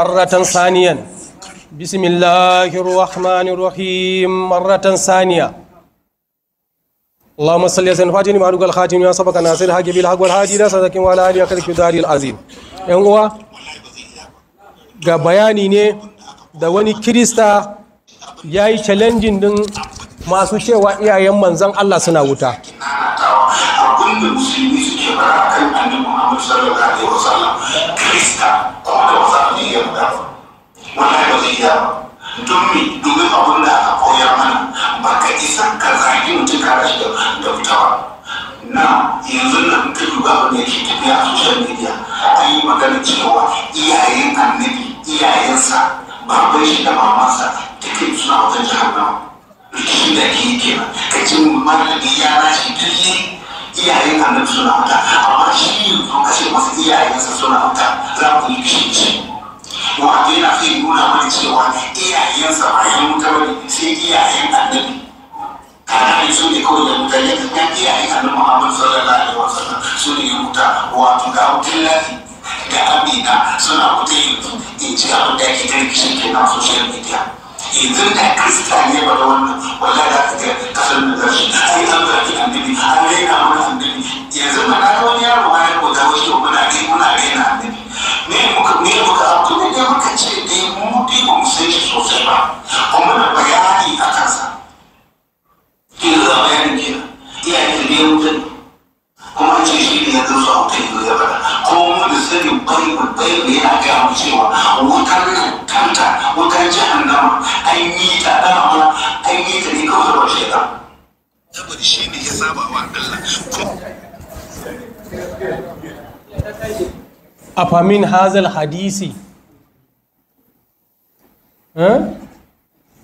مرة ثانية بسم الله الرحمن الرحيم مرة ثانية اللهم صل على وسلم فاتني معروف الخاتم يا سبق ناصر الحق بالحق والهادي لا صدق ولا هادي اخر كداري العظيم yan uwa ga bayani ne da wani kirista ya yi challenging din masu cewa iyayen manzan Allah suna wuta magana kan annabi Muhammad sallallahu alaihi wasallam Kirista kuma da wasa ne ya faɗa wallahi ba zai iya don me domin da aka koya mana ba ka isa ka zagi mutum ka rashi da fitawa na yanzu nan ka duba abin da yake tafiya a social media an yi magana cewa iyayen annabi iyayensa baban shi da mamansa dukkan suna wajen jihar nan rikici da ke kenan ka ce da ya rashi duk iyayen annabi suna wuta amma shi yin ka ce masa iyayensa suna wuta za ku yi kishi wato yana fi nuna mana cewa iyayensa ba yan wuta bane sai iyayen annabi kana ne su ne kawai yan wuta ne kan iyayen annabi Muhammad sallallahu alaihi wasallam su ne yan wuta wato ga wutan lafi da amina suna wuta yanzu in ji abin da ake kirkishin kenan social media shi tun da ne ba an yanzu ma afamin hazal hadisi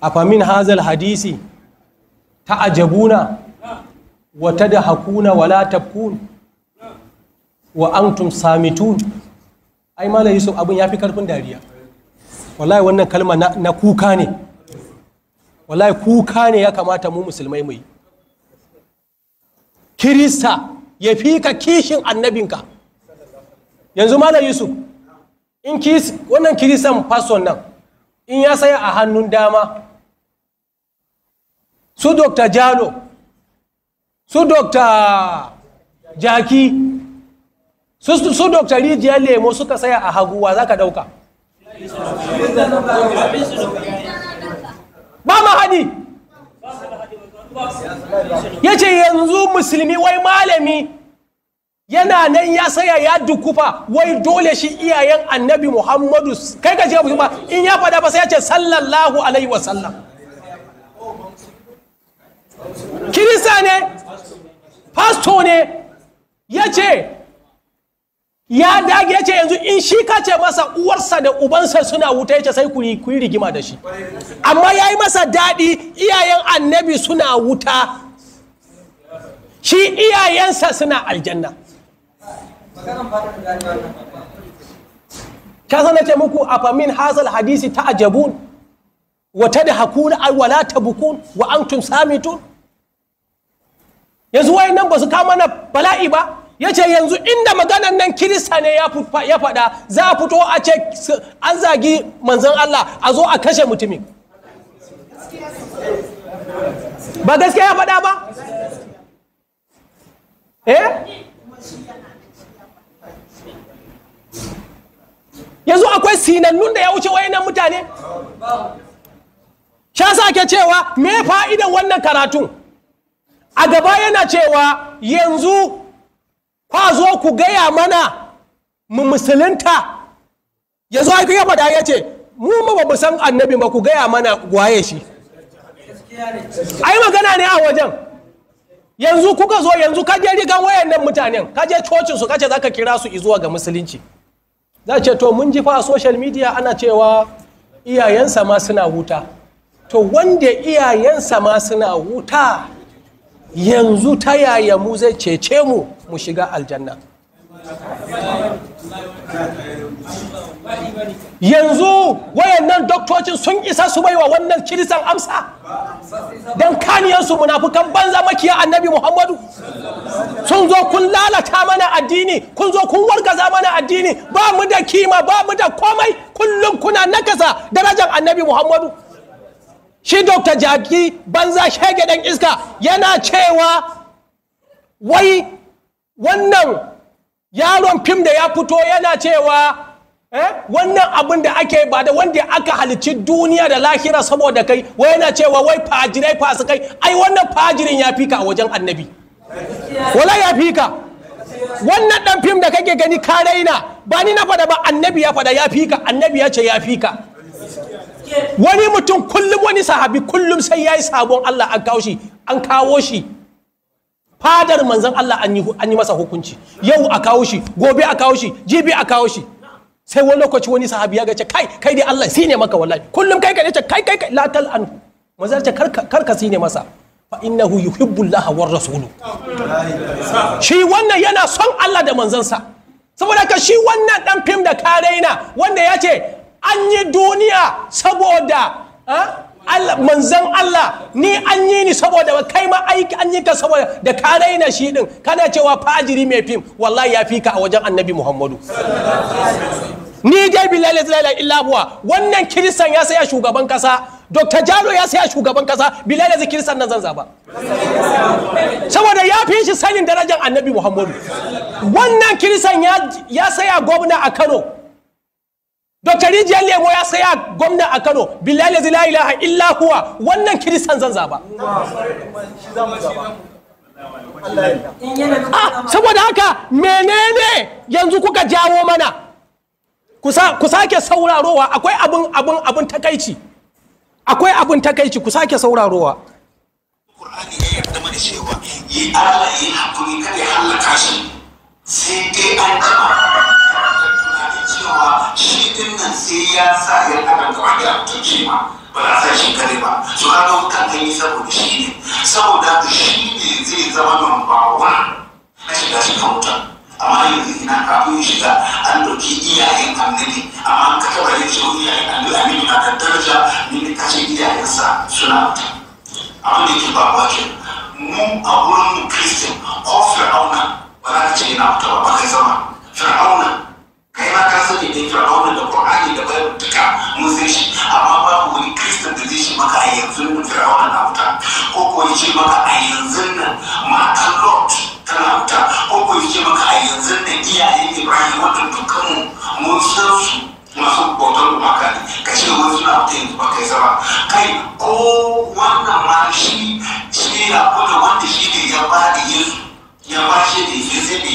afamin hazal hadisi ajabuna wa hakuna wa la tabkun wa antum samitun ai malai yusuf abin fi karfin dariya wallahi wannan kalma na, kuka ne wallahi kuka ne ya kamata mu musulmai mai kirista ya fika kishin annabinka yanzu malam yusuf in wannan kirisan fason nan in ya saya a hannun dama su dr jalo su dr jaki su, su dr rijiyar lemo suka saya a haguwa za ka dauka ba ma haɗi ya ce yanzu musulmi wai malami yana nan ya saya ya dukufa wai dole shi iyayen annabi muhammadu kai ka ce ba in ya faɗa ba sai ya ce sallallahu alaihi wasallam kirista ne pasto ne ya ce ya dage ya ce yanzu in shi ka ce masa uwarsa da ubansa suna wuta ya ce sai ku yi rigima da shi amma ya yi masa daɗi iyayen annabi suna wuta shi iyayensa suna aljanna kasa nace muku afamin hazal hadisi ta ajabun wa ta da hakuna ai ta bukun wa tun? samitun yanzu wayan nan ba su kama na bala'i ba ya ce yanzu inda maganan nan kirista ne ya faɗa za a fito a ce an zagi manzan Allah a zo a kashe mutumin ba gaskiya ya faɗa ba eh yanzu akwai sinannun da ya wuce wayannan mutane sha sa ke cewa me fa'idan wannan karatun a gaba yana cewa yanzu kwa zo ku gaya mana mu musulunta yanzu aiki ya faɗa ya ce mu ba mu san annabi ba ku gaya mana waye shi ai magana ne a wajen yanzu kuka zo yanzu kaje rigan wayannan mutanen kaje cocin su kace zaka kira su izuwa ga musulunci za ce to mun ji fa a social media ana cewa iyayensa ma suna huta to wanda iyayensa ma suna huta yanzu ta yaya mu zai cece mu mu shiga aljanna yanzu wayannan doktocin sun isa su baiwa wannan kirisan amsa don kaniyarsu munafukan banza makiya annabi muhammadu sun zo kun lalata mana addini kun zo kun wargaza mana addini ba mu da kima ba mu da komai kullum kuna nakasa darajar annabi muhammadu shi dokta jaki banza shege dan iska yana cewa wai wannan yaron fim da ya fito yana cewa Eh? wannan abin da ake ba da wanda aka halicci duniya da lahira saboda kai wai yana cewa wai fajirai fasu kai, ai wannan fajirin ya fika a wajen annabi wala ya fika wannan dan fim da kake gani ka raina ba ni na fada ba annabi ya fada ya fika annabi ya ce ya fika wani mutum kullum wani sahabi kullum sai yayi sabon Allah an kawo shi an kawo shi fadar manzon Allah an yi masa hukunci yau a kawo shi gobe a kawo shi jibi a kawo shi sai wani lokaci wani sahabi ya gace kai kai dai Allah sine maka wallahi kullum kai kai ce kai kai la tal an manzar kar ka sine masa fa innahu yuhibbu Allah war rasulu shi wannan yana son Allah da manzansa saboda ka shi wannan dan fim da karena wanda ya ce an yi duniya saboda Allah manzan Allah ni an yi ni saboda kai ma aiki an yi ka saboda da ka raina shi din kana cewa fajiri mai fim wallahi ya fi ka a wajen annabi Muhammadu ni dai billahi la ilaha illa huwa wannan kiristan ya saya shugaban kasa dr jalo ya saya shugaban kasa billahi la kiristan nan zan zaba saboda ya fi shi sanin darajar annabi muhammadu wannan kiristan ya saya gwamna a kano dr rijiyar lemo ya saya gwamna a kano billahi la ilaha illa huwa wannan kiristan zan zaba ah, saboda haka menene yanzu kuka jawo mana ku sake saurarowa akwai abin abin abin takaici akwai abin takaici ku sake saurarowa Qur'ani ya yarda mana cewa yi Allah yi hakuri kada ya halaka shi sai dai an kama cewa shi din nan sai ya sa ya kada gaba da tuce ma ba za sa shi kare ba su ka ga wutan kan yi saboda shi ne saboda shi ne zai zama number one na shiga cikin wutan amma yanzu ina shi shiga an ɗauki iyayen annabi amma ka taɓa yin shirin iyayen annabi annabi na da daraja ne kashe iyayensa suna abin da ke ba wajen mu a wurin mu kristin ko fir'auna ba za ka ce yana fita ba kai zama fir'auna kai ma ka sani dai fir'auna da qur'ani da bayan duka mun san shi amma babu wani kristin da zai shi maka a yanzu nan fir'auna na fita ko ko ya ce maka a yanzu nan matan lot tana ko ko maka a yanzu da iyayen ibrahim wanda dukkan mu san su masu bautar gumaka ne ka ce wani suna wuta yanzu ba kai sama kai ko wannan ma shi shi na kuma wanda shi ne ya ba da yesu ya ba shi da yesu da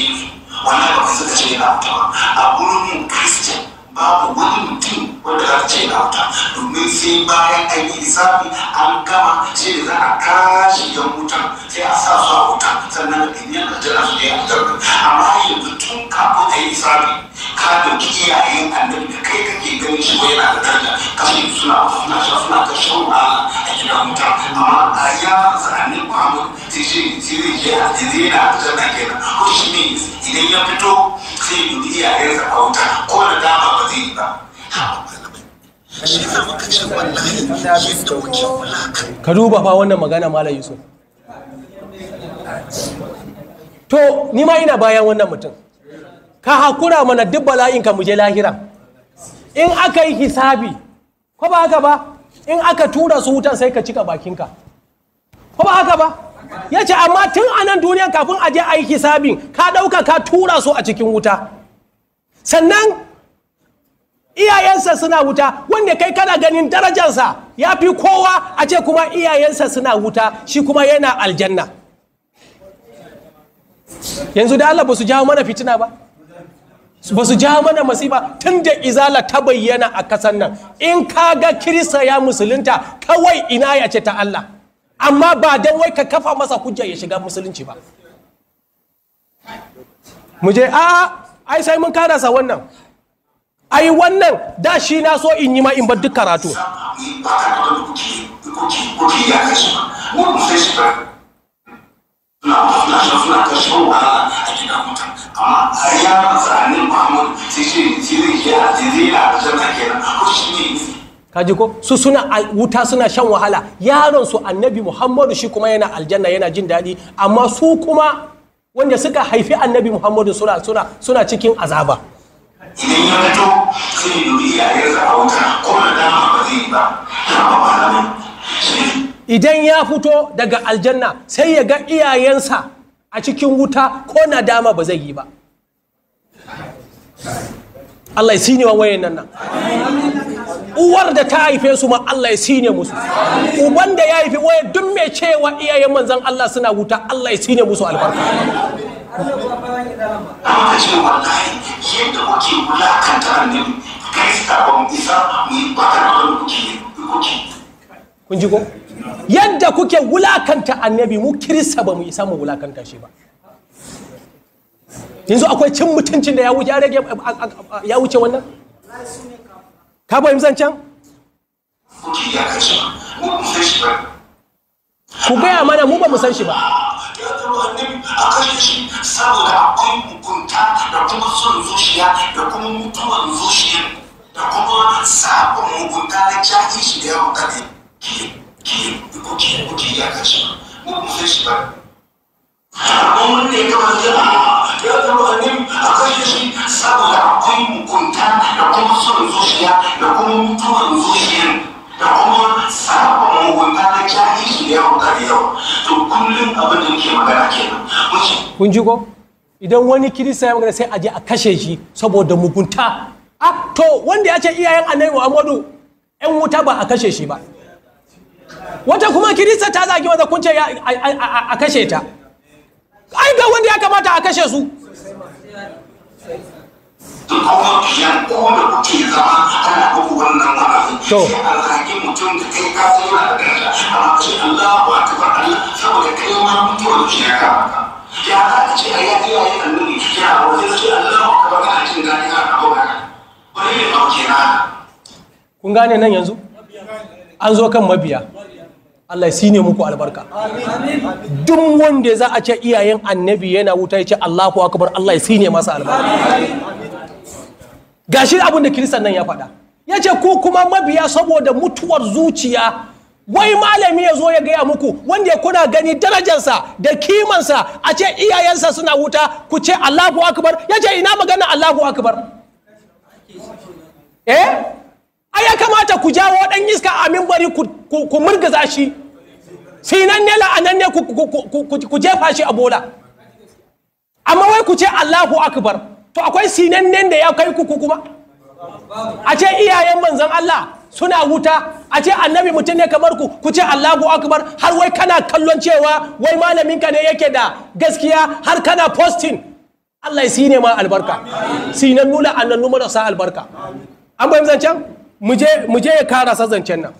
wannan ba kai suka ce na wuta ba a gurin mu babu wani mutum wanda za ta ce na wuta domin sai bayan an yi lissafi an gama shi da za a tashi yan wuta sai a sa su a wuta sannan ɗin yana jira su ne a wutar amma yanzu tun kafin a yi lissafi ka ɗauki iyayen annabi da kai kake ganin shi ko yana da daraja kashe suna suna sha suna ta shan a gida wuta amma a ya fasa annabi muhammad sai shi sai zai je a zai yana da daraja kenan ko shi ne idan ya fito sai ya ɗauki iyayensa a wuta ko da dama ba zai duba fa wannan magana malam yusuf to ni ma ina bayan wannan mutum ka hakura mana duk bala'in ka muje lahira in aka yi hisabi ko ba haka ba in aka tura su wutan sai ka cika bakinka ko ba haka ba ya ce amma tun a nan duniya kafin a je a yi hisabin ka ɗauka ka tura su a cikin wuta sannan iyayensa suna wuta wanda kai kana ganin darajarsa ya fi kowa a ce kuma iyayensa suna wuta shi kuma yana aljanna yanzu da Allah ba su jawo mana fitina ba ba su jawo mana masifa tun da izala ta bayyana a kasan nan in ka ga kirista ya musulunta kawai ina ya ce ta Allah amma ba don wai ka kafa masa hujja ya shiga musulunci ba mu je a ai sai mun karasa wannan ai wannan da shi na so in yi ma in bar duk karatu kaji ko su suna wuta suna shan wahala yaron su annabi muhammadu shi kuma yana aljanna yana jin daɗi amma su kuma wanda suka haifi annabi muhammadu suna cikin azaba idan ya fito sai ya duri iyayensa a wuta ko na dama ba zai ba amma ba idan ya fito daga aljanna sai ya ga iyayensa a cikin wuta ko na dama ba zai yi ba Allah ya sinewa wayan nan nan uwar da ta haife su ma Allah ya sine musu uban da ya haife waya duk mai cewa iyayen manzan Allah suna wuta Allah ya sine musu albarka yadda kuke wulakanta annabi kirista ba mu kirista ba mu isa mu wulakanta shi ba yanzu akwai cin mutuncin da ya wuce wannan ka yi zancen ku gaya mana mu ba mu san shi ba wa annabi a kashe saboda akwai mugunta da kuma son zuciya da kuma mutuwan zuciya da kuma sabon mugunta na jahilci da yawan kare ki ki ki ku ki ya kashe mu mu sai shi ba amma wanda ya gaba da ya zama annabi a kashe shi saboda akwai mugunta da kuma son zuciya da kuma mutuwan zuciya da kuma saba mugunta na jahilci da yawan da yawa to kullum abin da muke magana kenan kun ji ko idan wani kirista ya magana sai a je a kashe shi saboda mugunta a ah, to wanda ya ce iyayen annabi muhammadu yan wuta ba a kashe shi ba wata kuma kirista ta zagi wanda kun ce a kashe ta ai ga wanda ya kamata a kashe su da kuma biyan ko kuke zama ana muku wannan wa'azi to alhaki mutum da kai ka sai yana da amma ce Allahu akbar Allah saboda kai ma mutuwar ce ya kama ya ce a yaki ji ai annabi ya wani ce Allahu akbar kana jin dadi ka kawo ka wani ne ba na kun gane nan yanzu an zo kan mabiya Allah shi ne muku albarka. Duk wanda za a ce iyayen annabi yana wuta ya ce Allahu akbar Allah ya sine masa albarka. gashi abin da kiristan nan ya faɗa ya ce ku kuma mabiya saboda mutuwar zuciya wai malami ya zo ya gaya muku wanda kuna gani darajarsa da kimansa a ce iyayensa suna wuta ku ce allahu akbar ya ce ina magana allahu akbar eh a ya kamata ku jawo dan iska a mimbari ku murgaza shi sinan ne la'anan ne ku jefa shi a bola amma wai ku ce allahu akbar to akwai sinannen da ya kai kuku kuma a ce iyayen manzan Allah suna wuta a ce annabi mutum ne kamar ku ku ce Allahu akbar har wai kana kallon cewa wai malaminka ne yake da gaskiya har kana posting Allah ya sine ma albarka sinan nula annannu marasa albarka an bayan zancen mu je ya kara zancen nan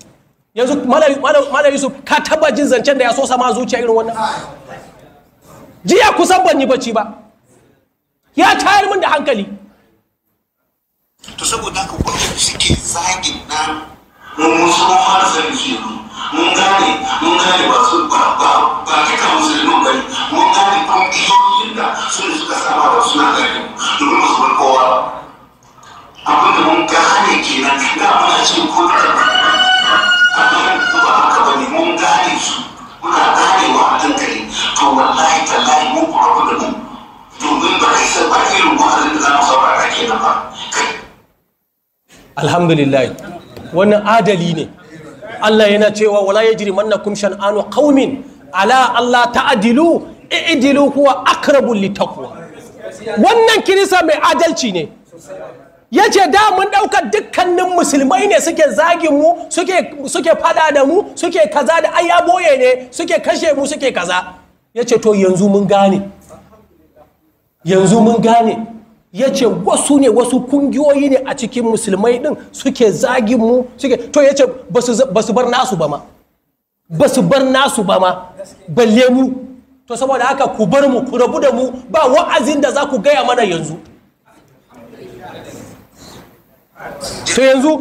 yanzu malam yusuf ka taba jin zancen da ya so sama zuciya irin wannan jiya kusan ban yi bacci ba ya tayar min da hankali to saboda haka wanda suke zagin na mun musu har zan ji mun gane mun gane ba su ba ba ba kika musulmi ne mun gane kun iyoyin da sun suka saba ba suna gane domin su bar kowa abin da mun gane kenan da muna cikin kun a cikin da ba alhamdulillahi wannan adali ne Allah yana cewa wala manna mannakum shan'anu kaumin ala Allah ta'dilu i'dilu kuwa aqrabu litakuwa wannan kirisa mai adalci ne yace ce damun dauka dukkanin musulmai ne suke zagin mu suke fada da mu suke kaza da ayyaboye ne suke kashe mu suke kaza yace to yanzu mun gane yanzu mun gane ya ce wasu ne wasu kungiyoyi ne a cikin musulmai din suke zagin mu suke to ya ce ba su bar nasu ba ma ba su bar nasu ba ma balle mu to saboda haka ku bar mu ku rabu da mu ba wa'azin da za ku gaya mana yanzu so yanzu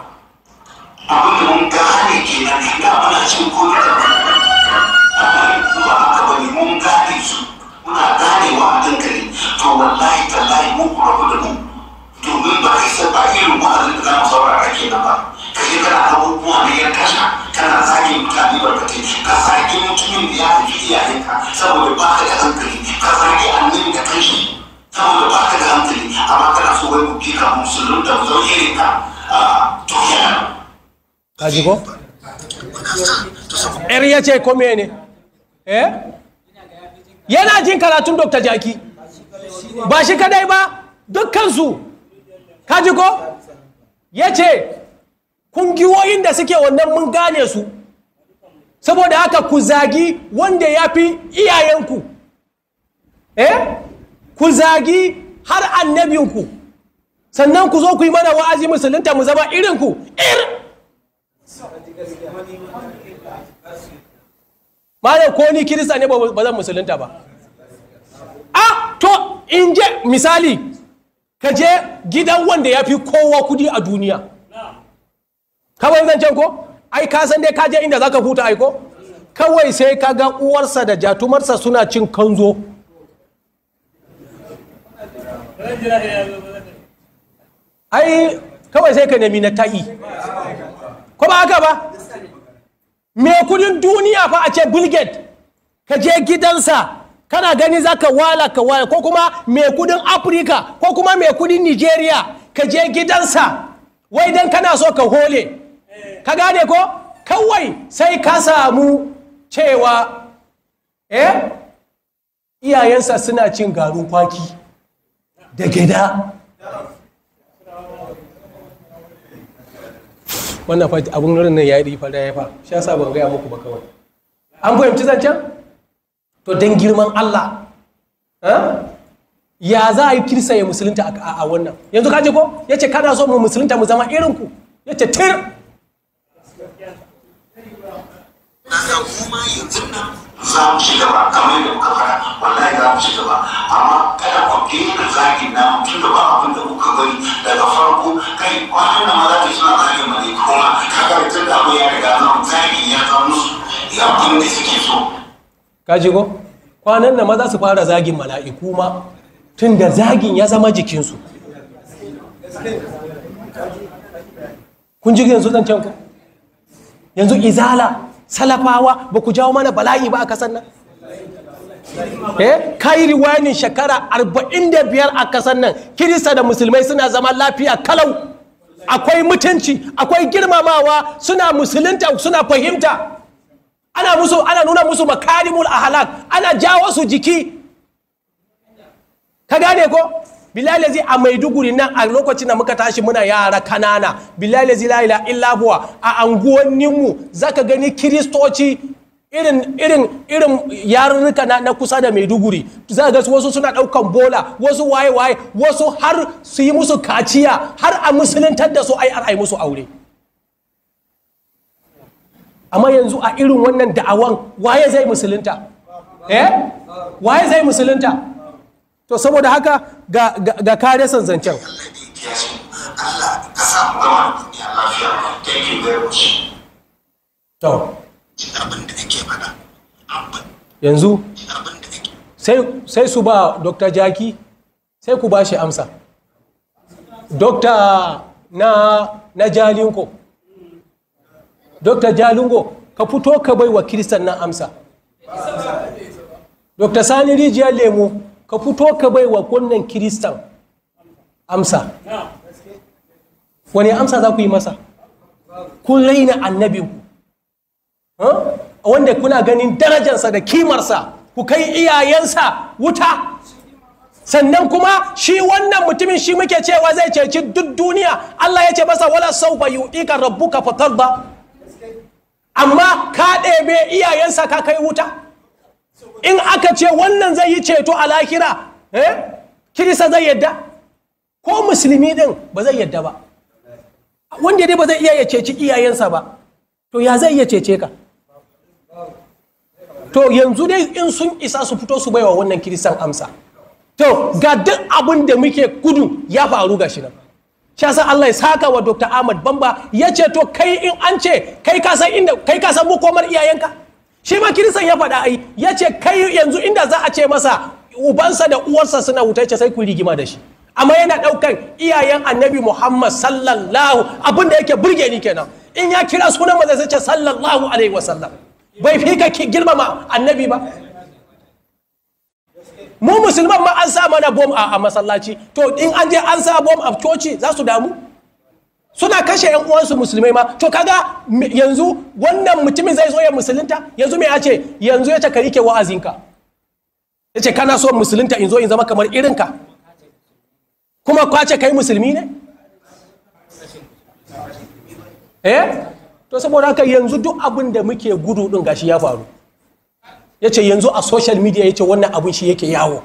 abin da mun gane kenan da muna cin kodi da amma ko ba haka mun gane su muna wa a hankali to wallahi tallahi mun kurabu da mu domin ba kai sai ba irin wa'azin da za mu a kenan ba ka je kana abubuwa na yan kasha kana zagin mutane barkatai ka zagi mutumin da ya haifi iyayenka saboda ba ka da hankali ka zagi annabi da kanshi saboda ba ka da hankali amma kana so wai ku kika musulun da mu zaujirinka a ah, kenan kajiko yar ce eh yana jin karatun dr jaki ba shi kadai ba dukkansu ka ji ko ya ce kungiyoyin da suke wannan mun gane su saboda haka ku zagi wanda ya fi iyayenku eh ku zagi har annabinku sannan kuzo zo ku yi mana wa'azi musulunta mu zama irinku ir malam ko ni kirista ne ba zan musulunta ba a to in je misali ka je gidan wanda ya fi kowa kudi a duniya kawai zan can ko ai ka san dai ka je inda zaka huta aiko kawai sai ka ga uwarsa da jatumarsa suna cin kanzo ai kawai sai ka nemi na ta'i ko ba haka ba me kudin duniya fa a ce bilget ka je gidansa kana gani za ka wala ka wala ko kuma mai kudin afirka ko kuma mai kudin nigeria ka je gidansa wai dan kana so ka hole ka gane ko kawai sai ka samu cewa eh iyayensa suna cin garin kwaki da gida wannan fa abun nan ya yi fa da ya fa shi yasa ban gaya muku ba kawai an fahimci zancen to don girman Allah ya za a yi kirsa ya musulunta a wannan yanzu ka ji ko ya ce kana so mu musulunta mu zama irinku ya ce tir za mu ci gaba kamar yadda kuka faɗa wallahi za mu ci gaba amma kada ku daina zagin na tun da ba abin da kuka bari daga farko kai kwanan da maza ta suna zagin mu ne kuma kaga tun da abu ya riga zama zagin ya zama musu ya abin da suke so. kaji ko kwanan da maza su fara zagin mala'iku ma tun da zagin ya zama jikinsu. kun ji yanzu zancen ku yanzu izala salafawa ba ku jawo mana bala'i ba a kasan nan eh, kai riwanin shekara 45 a kasan nan kirista da musulmai suna zama lafiya kalau akwai mutunci akwai girmamawa suna musulunta suna fahimta ana musu ana nuna musu makarimul ahlak ana jawo su jiki ka gane ko Bilal bilalazi a maiduguri nan a lokacin da muka tashi muna yara kanana bilal bilalazi la ila illa a anguwanninmu zaka gani kiristoci irin irin yarurruka na, kusa da maiduguri za ga wasu suna daukan bola wasu waye waye wasu har su yi musu kaciya har a musuluntar da su ai ai musu aure amma yanzu a irin wannan da'awan waye zai musulunta eh waye zai musulunta to saboda haka ga kare sanzancen. zancen yanzu sai su ba dr jaki sai ku ba shi amsa dokta na, na jalingo dokta jalingo ka fito ka bai wa kiristan nan amsa dokta sani rijiyar lemu ka fito ka bai wa wannan kiristan amsa wani amsa za ku yi masa kun raina annabinku wanda kuna ganin darajansa da kimarsa ku kai iyayensa wuta sannan kuma shi wannan mutumin shi muke cewa zai ceci duk duniya Allah ya ce masa wala rabu ka fatar ba. amma ka ɗebe iyayensa ka kai wuta in aka ce wannan zai yi ceto a lahira eh zai yadda ko musulmi din ba zai yadda ba wanda dai ba zai iya ya ceci iyayensa ba to ya zai iya cece ka to yanzu dai in sun isa su fito su baiwa wannan kiristan amsa to ga duk abin da muke gudu ya faru ga shi nan shi yasa Allah ya saka wa Dr. Ahmad Bamba ya ce to kai in an ce kai ka san inda kai ka san makomar iyayenka shi ma kirisan ya faɗa ai ya ce kai yanzu inda za a ce masa ubansa da uwarsa suna wuta ce sai ku rigima da shi amma yana ɗaukan iyayen annabi muhammad sallallahu abin da yake burge ni kenan in ya kira sunan maza sai ce sallallahu alaihi wasallam bai fi ka girmama annabi ba mu musulman ma an sa mana bom a masallaci to in an je an sa bom a coci za su damu suna kashe yan uwansu musulmai ma to kaga yanzu wannan mutumin zai zo ya musulunta yanzu me ya ce yanzu ya ce ka rike wa'azinka ya ce kana so musulunta in zo in zama kamar irinka kuma kwace kai musulmi ne eh to saboda haka yanzu duk abin da muke gudu din gashi ya faru ya ce yanzu a social media ya ce wannan abin shi yake yawo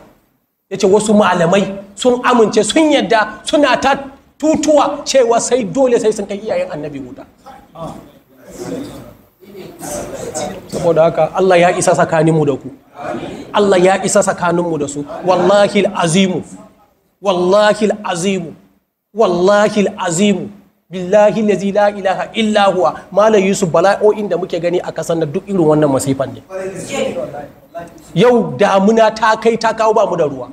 ya ce wasu malamai sun amince sun yadda suna ta tutuwa cewa sai dole sai sun kai iyayen annabi wuta saboda haka Allah ya isa tsakaninmu da ku Allah ya isa tsakaninmu da su wallahi azimu wallahi azimu wallahi azimu billahi lazi la ilaha illa huwa malam yusuf bala'o'in da muke gani a kasan da duk irin wannan masifan ne yau damuna ta kai ta kawo ba mu da ruwa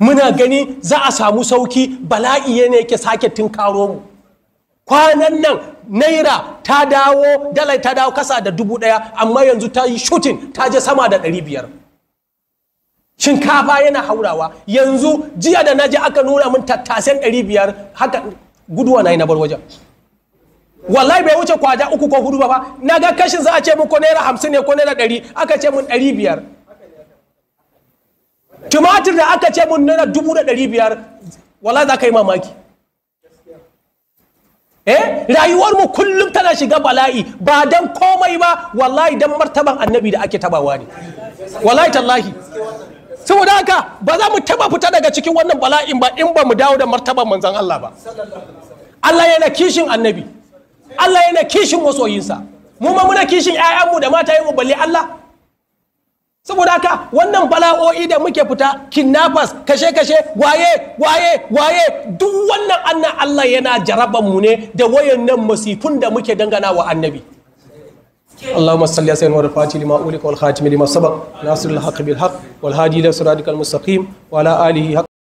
muna gani za a samu sauki bala'i ne ke sake karo mu kwanan nan naira ta dawo dalai ta dawo kasa da dubu daya amma yanzu ta yi shooting ta je sama da ɗari biyar shinkafa yana haurawa yanzu jiya da naji aka nuna min tattasen ɗari biyar haka guduwa na yi na bar wajen wallahi bai wuce kwaja uku ko hudu ba fa na ga kashin za a ce min ko naira hamsin ne ko naira ɗari aka ce min ɗari biyar tumatir da aka ce mun nuna dubu da ɗari biyar wala za ka yi mamaki eh rayuwarmu kullum tana shiga bala'i ba dan komai ba wallahi dan martaban annabi da ake tabawa ne wallahi tallahi saboda haka ba za mu taba fita daga cikin wannan bala'in ba in ba mu dawo da martaban manzan Allah ba Allah yana kishin annabi Allah yana kishin masoyinsa mu ma muna kishin 'ya'yanmu da mata mu balle Allah saboda haka wannan bala'o'i da muke fita kidnappers kashe-kashe waye waye waye duk wannan annan Allah yana jaraban mu ne da wayannan masifun da muke dangana wa annabi اللهم صل على سيدنا والفاتح لما أولك والخاتم لما سبق ناصر الحق بالحق والهادي إلى صراطك المستقيم وعلى آله حق